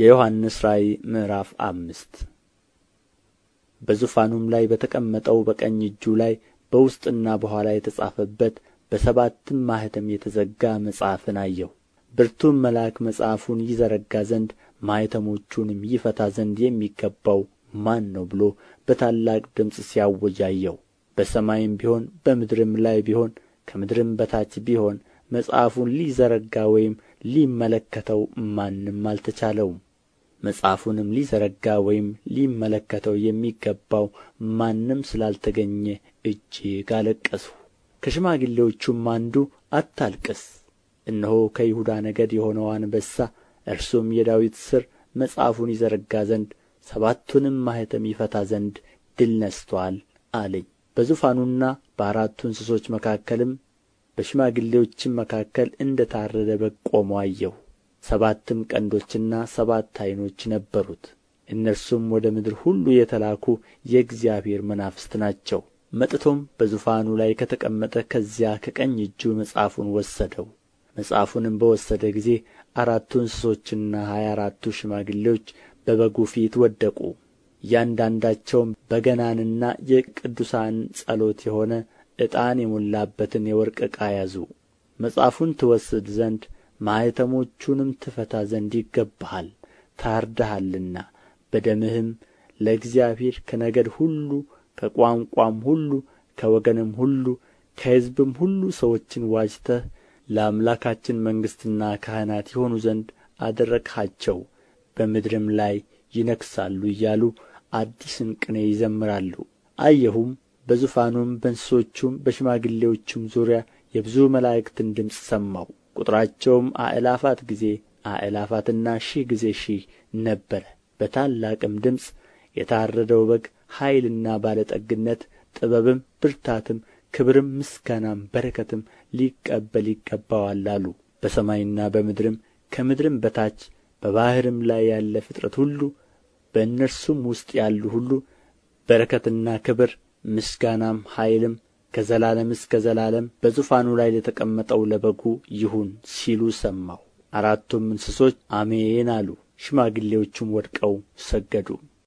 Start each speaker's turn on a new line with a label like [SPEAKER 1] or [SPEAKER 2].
[SPEAKER 1] የዮሐንስ ራእይ ምዕራፍ አምስት በዙፋኑም ላይ በተቀመጠው በቀኝ እጁ ላይ በውስጥና በኋላ የተጻፈበት በሰባትም ማኅተም የተዘጋ መጽሐፍን አየሁ ብርቱም መልአክ መጽሐፉን ይዘረጋ ዘንድ ማኅተሞቹንም ይፈታ ዘንድ የሚገባው ማን ነው ብሎ በታላቅ ድምፅ ሲያውጅ አየሁ በሰማይም ቢሆን በምድርም ላይ ቢሆን ከምድርም በታች ቢሆን መጽሐፉን ሊዘረጋ ወይም ሊመለከተው ማንም አልተቻለውም መጽሐፉንም ሊዘረጋ ወይም ሊመለከተው የሚገባው ማንም ስላልተገኘ እጅግ አለቀስሁ ከሽማግሌዎቹም አንዱ አታልቅስ እነሆ ከይሁዳ ነገድ የሆነው አንበሳ እርሱም የዳዊት ሥር መጽሐፉን ይዘረጋ ዘንድ ሰባቱንም ማኅተም ይፈታ ዘንድ ድል ነስቶአል አለኝ በዙፋኑና በአራቱ እንስሶች መካከልም በሽማግሌዎችም መካከል እንደ ታረደ በግ ቆሞ አየሁ ሰባትም ቀንዶችና ሰባት ዓይኖች ነበሩት እነርሱም ወደ ምድር ሁሉ የተላኩ የእግዚአብሔር መናፍስት ናቸው መጥቶም በዙፋኑ ላይ ከተቀመጠ ከዚያ ከቀኝ እጁ መጽሐፉን ወሰደው መጽሐፉንም በወሰደ ጊዜ አራቱ እንስሶችና ሀያ አራቱ ሽማግሌዎች በበጉ ፊት ወደቁ እያንዳንዳቸውም በገናንና የቅዱሳን ጸሎት የሆነ ዕጣን የሞላበትን የወርቅ ዕቃ ያዙ መጽሐፉን ትወስድ ዘንድ ማኅተሞቹንም ትፈታ ዘንድ ይገባሃል ታርደሃልና በደምህም ለእግዚአብሔር ከነገድ ሁሉ ከቋንቋም ሁሉ ከወገንም ሁሉ ከሕዝብም ሁሉ ሰዎችን ዋጅተህ ለአምላካችን መንግሥትና ካህናት ይሆኑ ዘንድ አደረግሃቸው በምድርም ላይ ይነግሣሉ እያሉ አዲስን ቅኔ ይዘምራሉ አየሁም በዙፋኑም በእንስሶቹም በሽማግሌዎቹም ዙሪያ የብዙ መላእክትን ድምፅ ሰማሁ ቁጥራቸውም አእላፋት ጊዜ አእላፋትና ሺህ ጊዜ ሺህ ነበረ በታላቅም ድምፅ የታረደው በግ ኃይልና ባለጠግነት ጥበብም ብርታትም ክብርም ምስጋናም በረከትም ሊቀበል ይገባዋል አሉ በሰማይና በምድርም ከምድርም በታች በባሕርም ላይ ያለ ፍጥረት ሁሉ በእነርሱም ውስጥ ያሉ ሁሉ በረከትና ክብር ምስጋናም ኃይልም ከዘላለም እስከ ዘላለም በዙፋኑ ላይ ለተቀመጠው ለበጉ ይሁን ሲሉ ሰማሁ አራቱም እንስሶች አሜን አሉ ሽማግሌዎቹም ወድቀው ሰገዱ